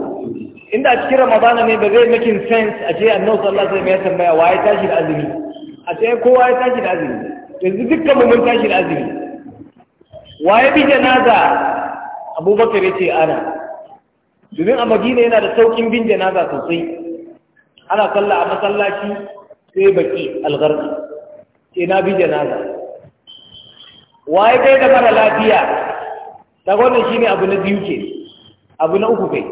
A: inda cikin ramadana ne ba zai making sense a ce annabi sallallahu alaihi wasallam ya tambaya wa ya tashi da azumi a sai kowa ya tashi da azumi yanzu dukkan mu mun tashi da azumi wa ya bi janaza abubakar ya ce ana
C: domin a madina yana da saukin bin janaza sosai
A: ana sallah a masallaci sai baki algarka. sai na bi janaza wa ya kai da mara lafiya ta wannan shine abu na biyu ke abu na uku kai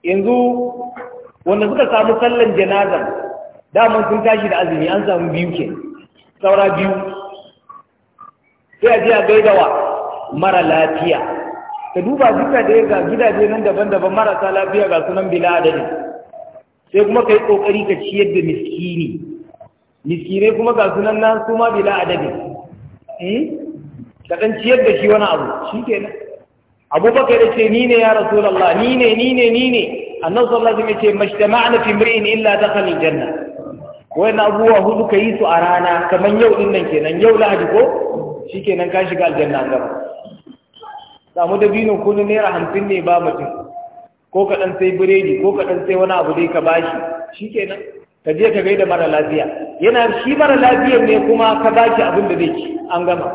A: yanzu wanda suka samu sallan janazar daman sun tashi da azumi an samu biyu ke saura biyu sai a je a gaida mara lafiya ka duba duka da ga gidaje nan daban-daban marasa lafiya ga sunan bila adadin sai kuma ka yi ƙoƙari ka ciyar da miskini miskinai kuma ga sunan nan su ma bila adadin eh? ka ɗan ciyar da shi wani abu shi kenan abubakar ya ce ni ne ya rasulallah ni ne ni ne ni ne annan sallallahu alaihi wasallam ya ce mashtama'na fi mri'in illa dakhala aljanna wayan abubuwa hudu ka yi su a rana kamar yau din nan kenan yau lahadi ko shi kenan ka shiga aljanna gaba samu dabino kunu naira hamsin ne ba mutum
C: ko ka dan sai biredi ko ka dan sai wani abu dai ka bashi shi kenan ka je ka gaida mara
A: lafiya yana shi mara lafiyar ne kuma ka bashi abin da zai ci an gama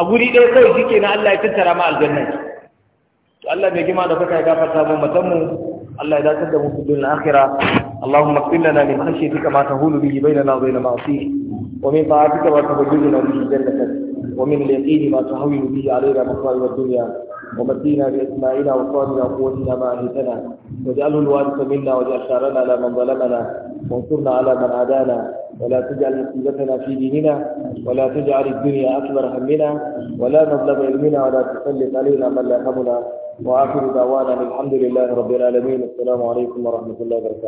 A: a guri ɗaya kawai shi kenan Allah ya tattara ma aljanna to Allah bai gima da kuka ya gafarta mu matan mu Allah ya dakatar da mu fi dunin akhirah اللهم اغفر لنا من خشيتك ما تهول به بيننا وبين معصيك ومن طاعتك ما تبلغنا به جنتك ومن اليقين ما تهون به علينا مصائب الدنيا ومتينا بأسمائنا وصالنا وقوتنا ما اهلتنا واجعله الوارث منا واجعل شعرنا على من ظلمنا وانصرنا على من عادانا ولا تجعل مصيبتنا في ديننا ولا تجعل الدنيا اكبر همنا ولا مبلغ علمنا ولا تسلط علينا من لا يهمنا واخر دعوانا الحمد لله رب العالمين السلام عليكم ورحمه الله وبركاته